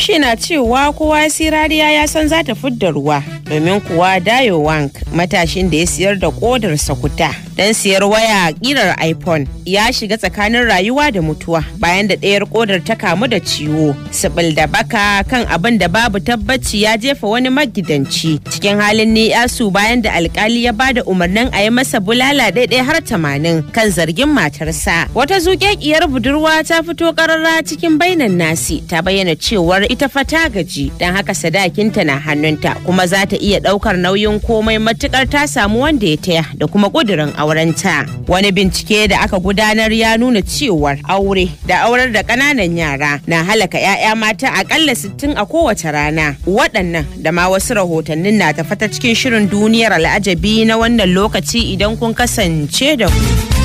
bahaushe na cewa kowa sai rariya ya san za ta fidda ruwa domin kuwa dayo wank matashin da ya siyar da kodarsa kuta Dan siyar waya kirar iphone ya shiga tsakanin rayuwa da mutuwa bayan da ɗayar kodar ta kamu da ciwo sibil da baka kan abin da babu tabbaci ya jefa wani magidanci cikin halin ne yasu bayan da alkali ya ba da umarnin a yi masa bulala ɗaiɗai har tamanin kan zargin matarsa wata zuƙeƙiyar budurwa ta fito ƙarara cikin bainan nasi ta bayyana cewar ita fa ta gaji dan haka sadakinta na hannunta kuma za ta iya ɗaukar nauyin komai matuƙar ta samu wanda ya taya da kuma ƙudurin aure aurenta. Wani bincike da aka gudanar ya nuna cewar aure da aurar da ƙananan yara na halaka 'ya'ya mata akalla 60 a kowace rana. Waɗannan da ma wasu rahotannin na tafata cikin shirin duniyar al'ajabi na wannan lokaci idan kun kasance da ku.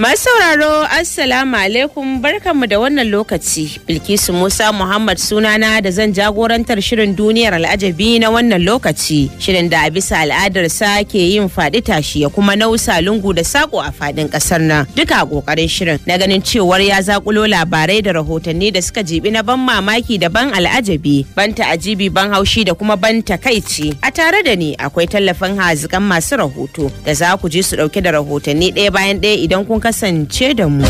Masu sauraro Assalamu alaikum barkanmu da wannan lokaci. Bilkisu Musa Muhammad sunana da zan jagorantar shirin duniyar al'ajabi na wannan lokaci. Shirin da a bisa sa ke yin faɗi tashi ya kuma nausa lungu da sako a faɗin ƙasar nan. Duka ƙoƙarin shirin na ganin cewar ya zakulo labarai da rahotanni da suka jibi na ban mamaki da ban al'ajabi, ban ta ajibi ban haushi da kuma ban takaici. A tare da ni akwai tallafin hazikan masu rahoto da za ku je su ɗauke da rahotanni ɗaya bayan ɗaya idan kun kasance da mu.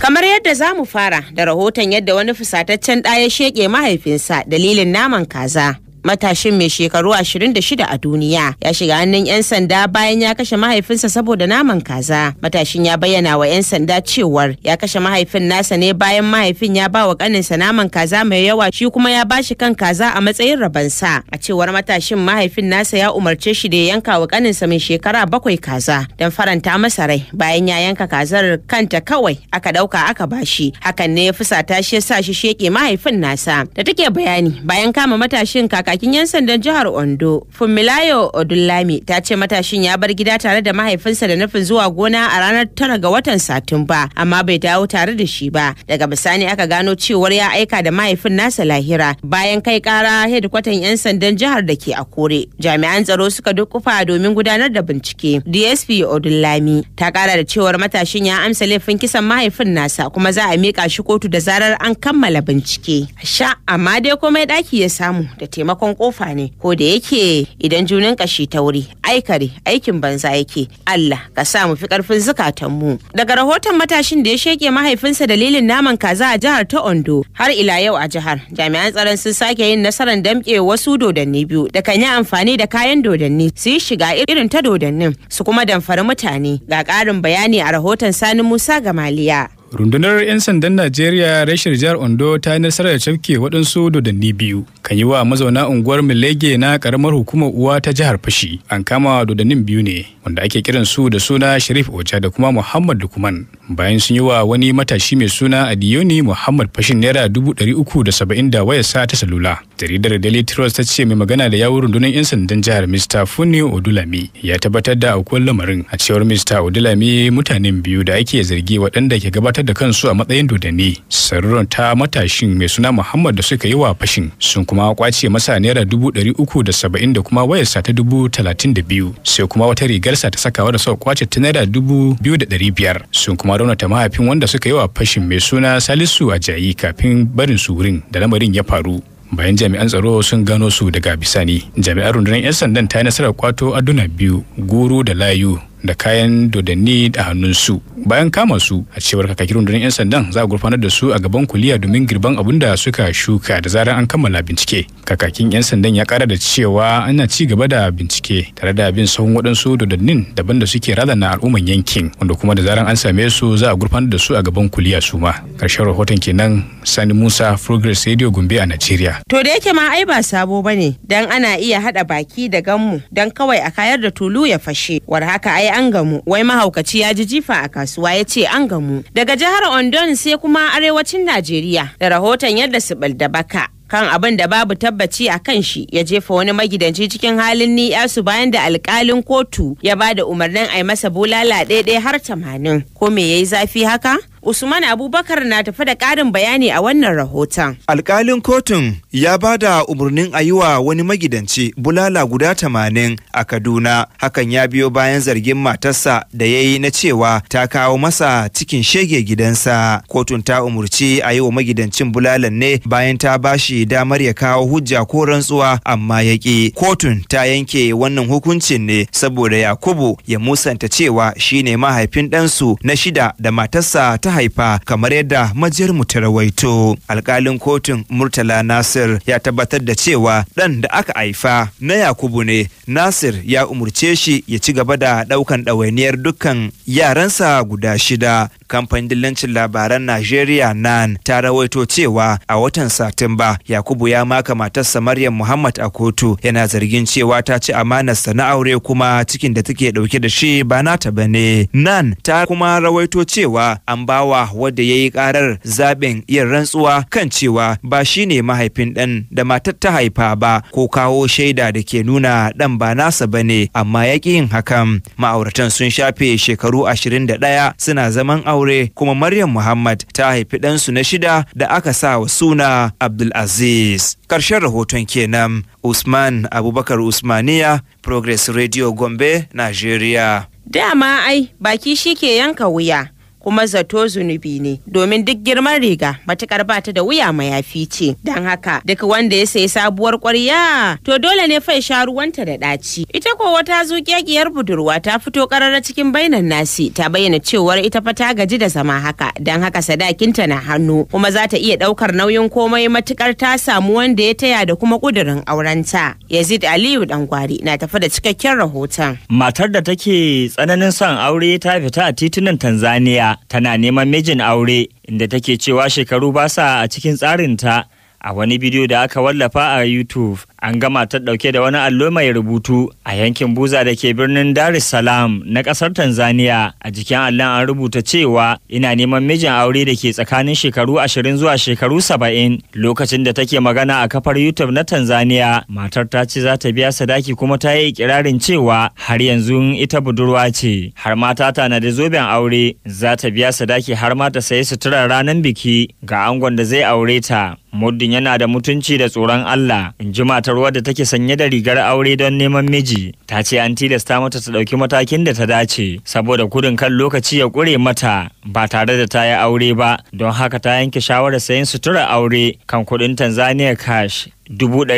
Kamar yadda za mu fara da rahoton yadda wani fusataccen ɗaya sheƙe mahaifinsa dalilin naman kaza. matashin mai shekaru 26 a duniya ya shiga hannun 'yan sanda bayan ya kashe mahaifinsa saboda naman kaza matashin ya bayyana wa 'yan sanda cewar ya kashe mahaifin nasa ne bayan mahaifin ya ba wa kaninsa naman kaza mai yawa shi kuma ya bashi kan kaza a matsayin rabansa a cewar matashin mahaifin nasa ya umarce shi da ya yanka wa kaninsa mai shekara bakwai kaza don faranta masa rai bayan ya yanka kazar kanta kawai aka dauka aka bashi hakan ne ya fusata shi ya sa shi sheke mahaifin nasa da take bayani bayan kama matashin kaka kakakin 'yan sandan jihar Ondo, Fumilayo Odunlami ta ce matashin ya bar gida tare da mahaifinsa da nufin zuwa gona a ranar tara ga watan Satumba, amma bai dawo tare da shi ba. Daga bisani aka gano cewar ya aika da mahaifin nasa lahira bayan kai kara hedikwatan 'yan sandan jihar da ke a kore Jami'an tsaro suka duk kufa domin gudanar da bincike. DSP Odunlami ta kara da cewar matashin ya amsa laifin kisan mahaifin nasa kuma za a miƙa shi kotu da zarar an kammala bincike. Sha amma dai komai ɗaki ya samu da taimako sakamakon kofa ne ko da yake idan junan kashi wuri aikare aikin banza yake Allah ka sa mu fi karfin zukatanmu daga rahoton matashin da ya sheke mahaifinsa dalilin naman kaza a jihar ta Ondo har ila yau a jihar jami'an tsaron sun sake yin nasarar damke wasu dodanni biyu da kan yi amfani da kayan dodanni su yi shiga irin ta dodannin su kuma damfari mutane ga ƙarin bayani a rahoton Sani Musa Gamaliya rundunar 'yan sandan najeriya reshir jihar ondo ta yi nasarar da cafke waɗansu dodanni biyu kan yi wa mazauna unguwar milege na karamar hukumar uwa ta jihar fashi an kama dodannin biyu ne wanda ake kiran su da suna sharif oja da kuma muhammad lukman bayan sun yi wa wani matashi mai suna adiyoni muhammad fashin naira dubu ɗari uku da saba'in da wayarsa ta salula jaridar daily trust ta ce mai magana da yawun rundunar 'yan sandan jihar mr funni odulami ya tabbatar da akwai lamarin a cewar mr odulami mutanen biyu da ake zargi waɗanda ke gabatar gabatar da kansu a matsayin dodanni, saruran ta matashin mai suna muhammad da suka yi wa fashin sun kuma kwace masa naira dubu ɗari uku da saba'in da kuma wayarsa ta dubu talatin da biyu sai kuma wata rigarsa ta sakawa da suka kwace ta naira dubu biyu da ɗari biyar sun kuma raunata mahaifin wanda suka yi wa fashin mai suna salisu a jayi kafin barin su wurin da lamarin ya faru bayan jami'an tsaro sun gano su daga bisani jami'an rundunar 'yan sandan ta yi nasarar kwato aduna biyu guru da layu da kayan dodanni a hannunsu bayan kama su a cewar kakakin rundunar 'yan sandan za a gurfanar da su a gaban kuliya domin girban abin da suka shuka da zarar an kammala bincike kakakin 'yan sandan ya kara da cewa ana ci gaba da bincike tare da bin sahun waɗansu dodannin daban da suke razana al'umman yankin wanda kuma da zarar an same su za a gurfanar da su a gaban kuliya su ma karshen rahoton kenan sani musa progress radio gombe a nigeria. to da yake ma ai ba sabo bane dan ana iya hada baki da ganmu dan kawai a kayar da tulu ya fashe war haka ai ya an gamu wai mahaukaci ya ji jifa a kasuwa ya ce an gamu daga jihar Ondon sai kuma arewacin Najeriya da rahoton yadda su da baka kan abin da babu tabbaci a kan shi ya jefa wani magidanci cikin halin su bayan da alkalin kotu ya ba da umarnin a masa bulala ɗaya har tamanin ko me ya yi zafi haka Usman Abubakar na tafi da ƙarin bayani a wannan rahoton. Alƙalin kotun ya ba da umarnin a wa wani magidanci bulala guda tamanin a Kaduna. Hakan ya biyo bayan zargin matarsa da ya yi na cewa ta kawo masa cikin shege gidansa. Kotun ta umarci a yi wa magidancin bulalan ne bayan ta ba shi damar ya kawo hujja ko rantsuwa amma ya ƙi. Kotun ta yanke wannan hukuncin ne saboda Yakubu ya musanta cewa shine mahaifin ɗansu na shida da matarsa ta haifa kamar yadda majiyar mu ta rawaito alkalin kotun murtala nasir ya tabbatar da cewa ɗan da aka haifa na yakubu ne nasir ya umurce shi ya ci gaba da ɗaukan ɗawainiyar dukkan yaransa guda shida kamfanin dillancin labaran Najeriya nan ta rawaito cewa a watan Satumba Yakubu ya maka matarsa Maryam Muhammad a kotu yana zargin cewa ta ci amanarsa na aure kuma cikin da take dauke da shi ba nata bane. Nan ta kuma rawaito cewa an bawa wadda ya yi karar zaben yin rantsuwa kan cewa ba shi ne mahaifin ɗan da matar ta haifa ba ko kawo shaida da ke nuna ɗan ba nasa bane amma ya yin hakan. Ma'auratan sun shafe shekaru ashirin da ɗaya suna zaman aure aure kuma Maryam Muhammad ta haifi ɗansu na shida da aka sa wa suna Abdulaziz. Ƙarshen rahoton kenan Usman Abubakar Usmaniya Progress Radio Gombe, Najeriya. Dama ai baki shi ke yanka wuya. kuma zato zunubi ne domin duk girman riga matukar bata da wuya mayafi ce don haka duk wanda ya sayi sabuwar kwarya to dole ne fai sha ruwanta da ɗaci ita ko wata zuƙiyar budurwa ta fito ƙarara cikin bainan nasi ta bayyana cewar ita fa ta gaji da zama haka don haka sadakinta na hannu kuma za ta iya ɗaukar nauyin komai matukar ta samu wanda ya taya da kuma ƙudurin aurenta yazid aliyu dangwari na tafi da cikakken rahoton matar da take tsananin son aure ta fita a titunan tanzania tana neman mijin aure inda take cewa shekaru ba sa a cikin tsarinta a wani bidiyo da aka wallafa a YouTube. an gama ta ɗauke da wani allo mai rubutu a yankin buza da ke birnin dar es salaam na ƙasar tanzania a jikin allon an rubuta cewa ina neman mijin aure da ke tsakanin shekaru ashirin zuwa shekaru saba'in. lokacin da take magana a kafar youtube na tanzania matar ta ce za ta biya sadaki kuma ta yi ikirarin cewa har yanzu ita budurwa ce har ma ta tana da zoben aure za ta biya sadaki har ma ta sayi suturar ranar biki ga angon da zai aure ta muddin yana da mutunci da tsoron allah in ji matar fatarwa da take sanye da rigar aure don neman miji ta ce an tilasta mata ta ɗauki matakin da ta dace saboda kudin kan lokaci ya ƙure mata ba tare da ta yi aure ba don haka ta yanke shawarar sayan sutura aure kan kuɗin tanzania cash biyu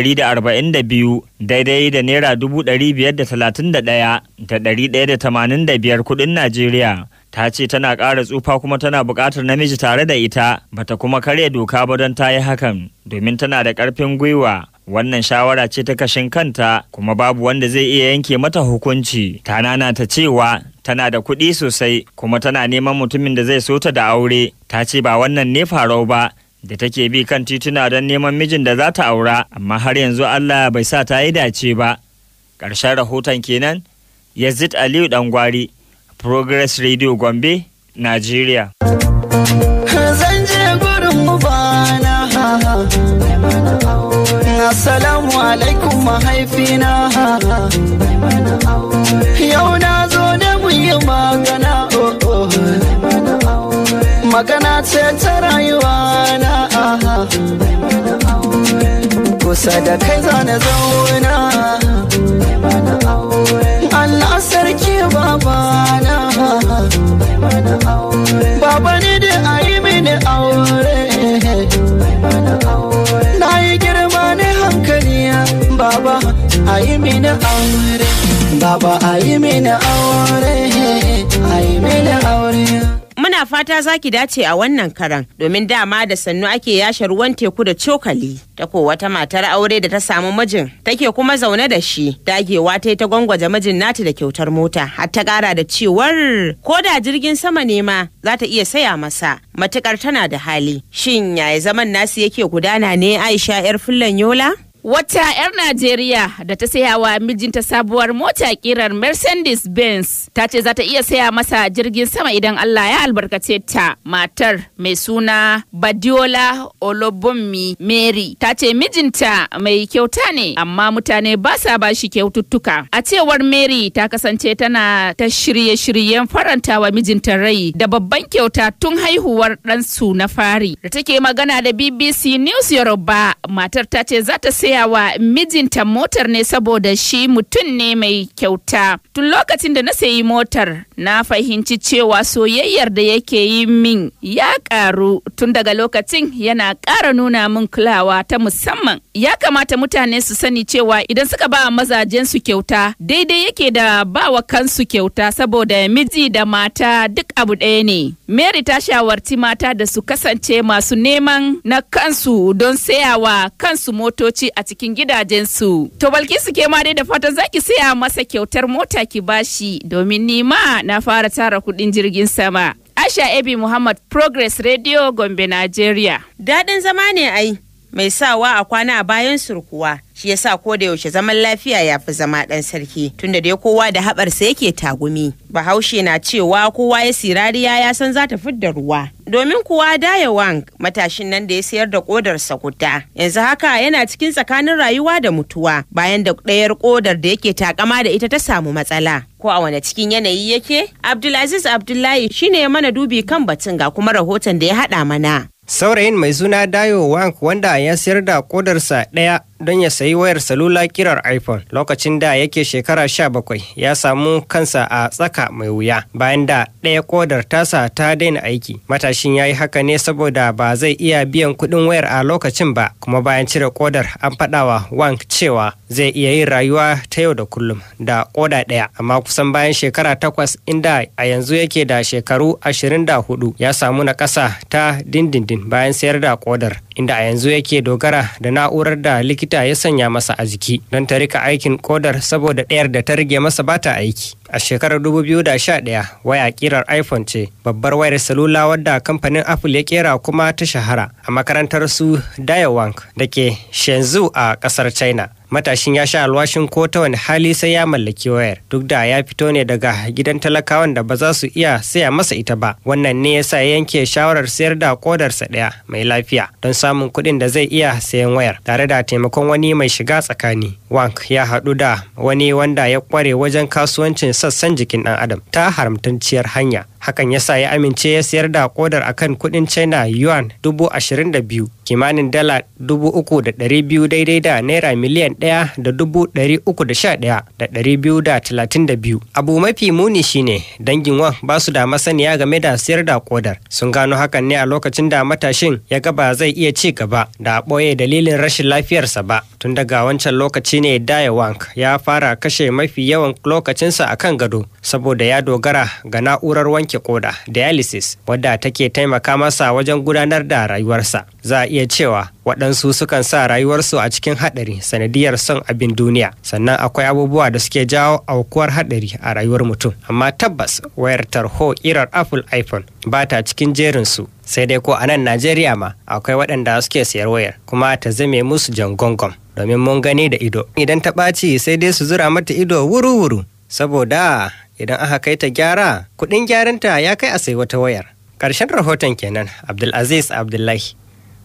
daidai da naira biyar da da biyar kuɗin Najeriya. Ta ce tana ƙara tsufa kuma tana buƙatar namiji tare da ita, bata kuma karya doka ba don ta yi hakan, domin tana da ƙarfin gwiwa wannan shawara ce ta kashin kanta kuma babu wanda zai iya yanke mata hukunci ta nana ta cewa tana da kuɗi sosai kuma tana neman mutumin da zai so ta da aure ta ce ba wannan ne farau ba da take bi kan tituna don neman mijin da za ta aura amma har yanzu Allah bai sa ta yi dace ba ƙarshen rahoton kenan yazid aliyu dangwari progress radio gombe nigeria ce ta rayuwa na kusa da kai zane zauna Allah sarki babana baba ne da a yi mini aure na yi girma ne hankali baba a yi mini aure baba a yi mini aure a yi mini aure muna fata za ki dace a wannan karan domin dama da sannu ake yashe ruwan teku da cokali ta ko wata matar aure da ta samu mijin take kuma zaune da shi dagewa ta ta gwangwaje mijin nata da kyautar mota har ta kara da cewar ko da jirgin sama ne ma za ta iya saya masa matukar tana da hali shin yaya zaman nasu yake gudana ne aisha yar fullan yola Wata 'yar Najeriya da ta saya wa mijinta sabuwar mota kirar Mercedes-Benz ta ce za ta iya saya masa jirgin sama idan Allah ya albarkace ta. Matar mai suna Badiola olobomi Mary ta ce mijinta mai kyauta ne amma mutane ba sa ba shi kyaututtuka. A cewar Mary ta kasance tana ta shirye-shiryen faranta wa mijinta rai da babban kyauta tun haihuwar ɗansu na fari. Da take magana da BBC News Yoruba matar ta ce za ta tsayawa mijinta motar ne saboda shi mutum ne mai kyauta. Tun lokacin da na sayi motar na fahimci cewa soyayyar da yake yi min ya ƙaru tun daga lokacin yana ƙara nuna min kulawa ta musamman. Ya kamata mutane su sani cewa idan suka ba mazajen su kyauta daidai yake da ba wa kansu kyauta saboda miji da mata duk abu ɗaya ne. Mary ta shawarci mata da su kasance masu neman na kansu don sayawa kansu motoci a cikin gidajensu. To Balkisu ke ma dai da fatan zaki saya masa kyautar mota ki bashi domin nima na fara tara kudin jirgin sama. Asha Ebi Muhammad Progress Radio Gombe Nigeria. Daɗin zama ne ai. mai sawa a kwana a bayan surkuwa shi ya sa ko da yaushe zaman lafiya ya fi zama ɗan sarki tunda dai kowa da haɓarsa yake tagumi bahaushe na cewa kowa ya sirariya ya san za ta fidda ruwa domin kuwa daya wang matashin nan da ya sayar da ƙodarsa kuta yanzu haka yana cikin tsakanin rayuwa da mutuwa bayan da ɗayar ƙodar da yake takama da ita ta samu matsala ko a wane cikin yanayi yake abdulaziz abdullahi shine mana dubi kan batun ga kuma rahoton da ya haɗa mana Saurayin mai suna Dayo Wang wanda ya sayar da kodarsa ɗaya don ya sayi wayar salula kirar iphone lokacin da yake shekara sha bakwai ya samu kansa a tsaka mai wuya bayan da ɗaya kodar tasa ta daina aiki matashin ya yi haka ne saboda ba zai iya biyan kuɗin wayar a lokacin ba kuma bayan cire kodar an faɗawa wang cewa zai iya yin rayuwa ta yau da kullum da koda ɗaya amma kusan bayan shekara takwas inda a yanzu yake da shekaru ashirin da hudu ya samu na ƙasa ta dindindin bayan sayar da kodar inda a yanzu yake dogara da na'urar da likita likita ya sanya masa a jiki don ta rika aikin kodar saboda ɗayar da ta rage masa bata aiki. A shekarar 2011 waya kirar iPhone ce babbar wayar salula wadda kamfanin Apple ya kera kuma ta shahara a makarantar su Dayawang da ke Shenzhou a ƙasar China. matashin ya sha alwashin ko ta wani hali sai ya mallaki wayar duk da ya fito ne daga gidan talakawan da ba za su iya saya masa ita ba wannan ne ya sa ya yanke shawarar sayar da kodarsa ɗaya mai lafiya don samun kuɗin da zai iya sayan wayar tare da taimakon wani mai shiga tsakani Wank ya haɗu da wani wanda ya kware wajen kasuwancin sassan jikin ɗan adam ta haramtacciyar hanya hakan ya sa ya amince ya sayar da kodar kan kudin china yuan 22,000 kimanin dala 3,200 daidai da naira miliyan 1,311,232 abu mafi muni shine dangin wan ba su da masaniya game da sayar da kodar sun gano hakan ne a lokacin da matashin ya gaba zai iya ci gaba da ɓoye dalilin rashin lafiyarsa ba tun daga wancan lokaci ne daya wank ya fara kashe mafi yawan lokacinsa a kan gado saboda ya dogara ga na'urar wanke wanke koda dialysis wadda take taimaka masa wajen gudanar da rayuwarsa za a iya cewa waɗansu sukan sa rayuwarsu a cikin haɗari sanadiyar son abin duniya sannan akwai abubuwa da suke jawo aukuwar haɗari a rayuwar mutum amma tabbas wayar tarho irar apple iphone ba ta cikin jerinsu sai dai ko a nan najeriya ma akwai waɗanda suke sayar wayar kuma ta zame musu jan gongon domin mun gani da ido idan ta ɓaci sai dai su zura mata ido wuru-wuru saboda idan aka kai ta gyara kuɗin gyaranta ya kai a sai wata wayar ƙarshen rahoton kenan abdulaziz abdullahi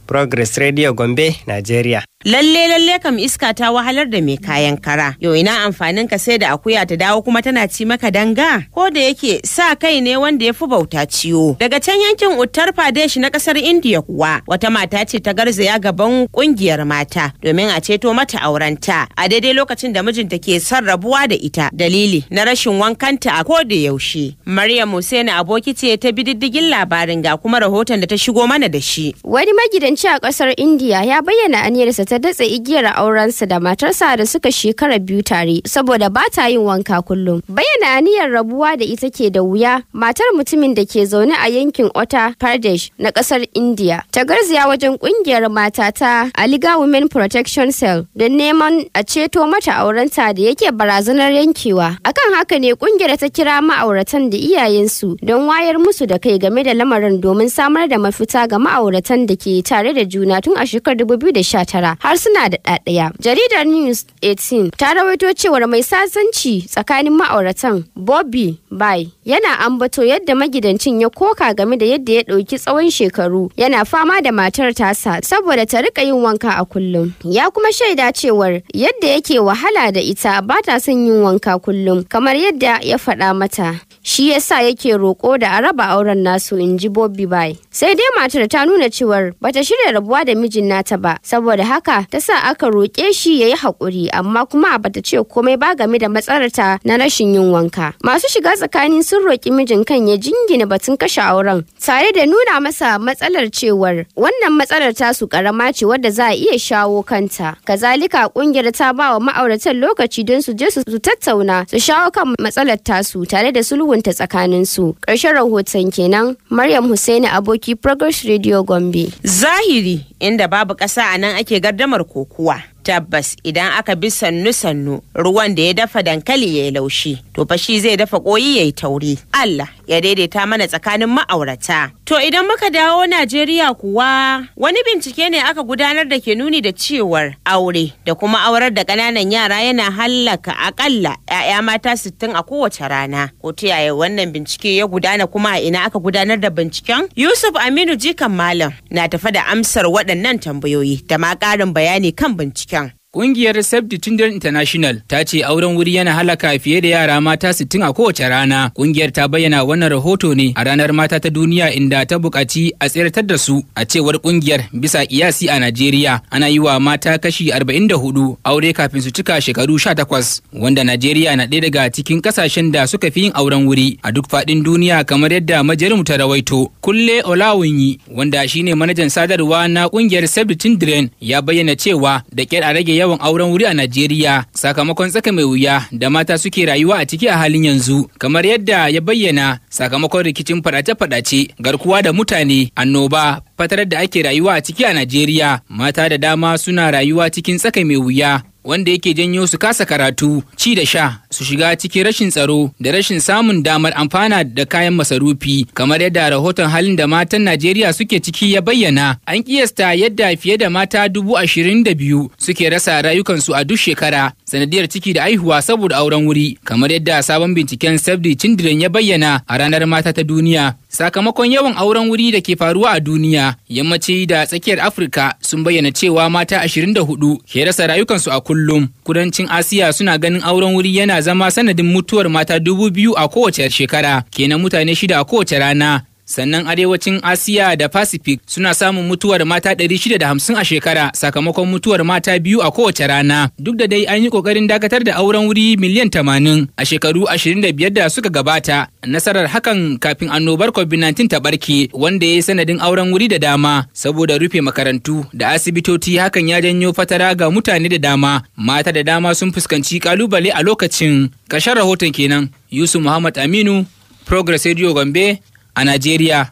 progress radio gombe nigeria Lalle lalle kam iska ta wahalar da mai kayan kara. Yau ina amfanin ka sai da akuya ta dawo kuma tana ci maka danga? Ko da yake sa kai ne wanda ya fi bauta ciwo. Daga can yankin Uttar Pradesh na kasar India kuwa wata mata ce ta garzaya gaban kungiyar mata domin a ceto mata aurenta a daidai lokacin da mijinta ke son rabuwa da ita dalili na rashin wankanta a ko da yaushe. Maryam Hussein aboki ce ta bi diddigin labarin ga kuma rahoton da ta shigo mana da shi. Wani magidanci a kasar India ya bayyana aniyarsa ta ta datse igiyar aurensa da matarsa da suka shekara biyu tare saboda ba ta yin wanka kullum. Bayyana aniyar rabuwa da ita ke da wuya matar mutumin da ke zaune a yankin Ota Pradesh na kasar India ta garziya wajen kungiyar mata ta Aliga Women Protection Cell don neman a ceto mata aurenta da yake barazanar yankewa. Akan haka ne kungiyar ta kira ma'auratan da iyayensu don wayar musu da kai game da lamarin domin samar da mafita ga ma'auratan da ke tare da juna tun a shekarar 2019 harsuna da ɗaɗaya, Jaridar News 18 ta rawaito cewar mai sasanci tsakanin ma'auratan Bobby Bai yana ambato yadda magidancin ya koka game da yadda ya ɗauki tsawon shekaru yana fama da matar tasa saboda ta rika yin wanka a kullum. Ya kuma shaida cewar yadda yake wahala da ita ba ta son yin wanka kullum kamar yadda ya faɗa mata. shi yasa yake roƙo da a raba auren nasu in ji Bobby Bai. Sai dai matar ta nuna cewar bata shirya rabuwa da mijin nata ba, saboda haka ta sa aka roƙe shi ya yi haƙuri amma kuma bata ce komai ba game da matsalarta na rashin yin wanka. Masu shiga tsakanin sun roƙi mijin kan ya jingina batun kashe auren tare da nuna masa matsalar cewar wannan matsalar ta su karama ce wadda za a iya shawo kanta. Kazalika ƙungiyar ta ba wa ma'auratan lokaci don su je su tattauna su shawo kan matsalar tasu tare da sulhu tsakanin tsakaninsu. Ƙarshen rahoton kenan Maryam Hussaini aboki Progress Radio Gombe. Zahiri inda babu ƙasa a nan ake gardamar kokuwa. tabbas idan aka bi sannu-sannu ruwan da ya dafa dankali ya yi laushi to fa shi zai dafa koyi ya yi tauri Allah ya daidaita mana tsakanin ma'aurata to idan muka dawo Najeriya kuwa wani bincike ne aka gudanar da ke nuni da cewar aure da kuma aurar da ƙananan yara yana hallaka akalla 'ya'ya mata 60 a kowace rana ko ta yaya wannan bincike ya gudana kuma a ina aka gudanar da binciken Yusuf Aminu Jikan Malam na tafa da amsar waɗannan tambayoyi da ma ƙarin bayani kan binciken Ƙungiyar Save the Children International ta ce auren wuri yana halaka fiye da yara mata sittin a kowace rana. Ƙungiyar ta bayyana wannan rahoto ne a ranar mata ta duniya inda ta buƙaci a tsirtar da su. A cewar ƙungiyar bisa iyasi a Najeriya ana yi wa mata kashi 44 aure kafin su cika shekaru 18 wanda Najeriya na ɗaya daga cikin ƙasashen da suka fi yin auren wuri a duk faɗin duniya kamar yadda majalimu ta rawaito. Kulle Olawunyi wanda shine manajan sadarwa na ƙungiyar Save the Children ya bayyana cewa da ƙyar a rage yawan auren wuri a Najeriya sakamakon tsaka mai wuya da mata suke rayuwa a ciki a halin yanzu kamar yadda ya bayyana sakamakon rikicin fadace-fadace garkuwa da mutane annoba fatarar da ake rayuwa a ciki a Najeriya mata da dama suna rayuwa cikin tsaka mai wuya wanda yake janyo su kasa karatu ci da sha su shiga cikin rashin tsaro da rashin samun damar amfana da kayan masarufi kamar yadda rahoton halin da matan najeriya suke ciki ya bayyana an kiyasta yadda fiye da mata dubu ashirin da biyu suke rasa rayukansu a duk shekara sanadiyar ciki da aihuwa saboda auren wuri kamar yadda sabon binciken sabdi cindiren ya bayyana a ranar mata ta duniya sakamakon yawan auren wuri da ke faruwa a duniya yammaci da tsakiyar afirka sun bayyana cewa mata 24 ke rasa rayukansu a kullum kudancin asiya suna ganin auren wuri yana zama sanadin mutuwar mata dubu biyu a kowace shekara kenan mutane shida a kowace rana sannan arewacin asiya da pacific suna samun mutuwar mata 650 a shekara sakamakon mutuwar mata biyu a kowace rana duk da dai an yi kokarin dakatar da auren wuri miliyan 80 a shekaru 25 da suka gabata nasarar hakan kafin annobar covid-19 ta barke wanda ya yi sanadin auren wuri da dama saboda rufe makarantu da asibitoci hakan ya janyo fatara ga mutane da dama mata da dama sun fuskanci kalubale a lokacin ƙarshen rahoton kenan yusuf muhammad aminu progress radio gombe a Najeriya.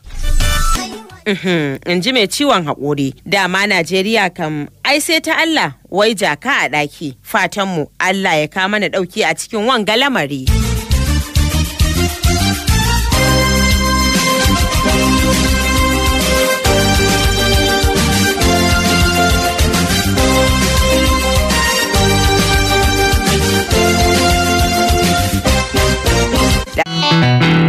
Mhm, In ji mai ciwon haƙori, dama Najeriya kam ai sai ta Allah wai jaka a ɗaki, fatanmu Allah ya kama na ɗauki a cikin wanga lamari.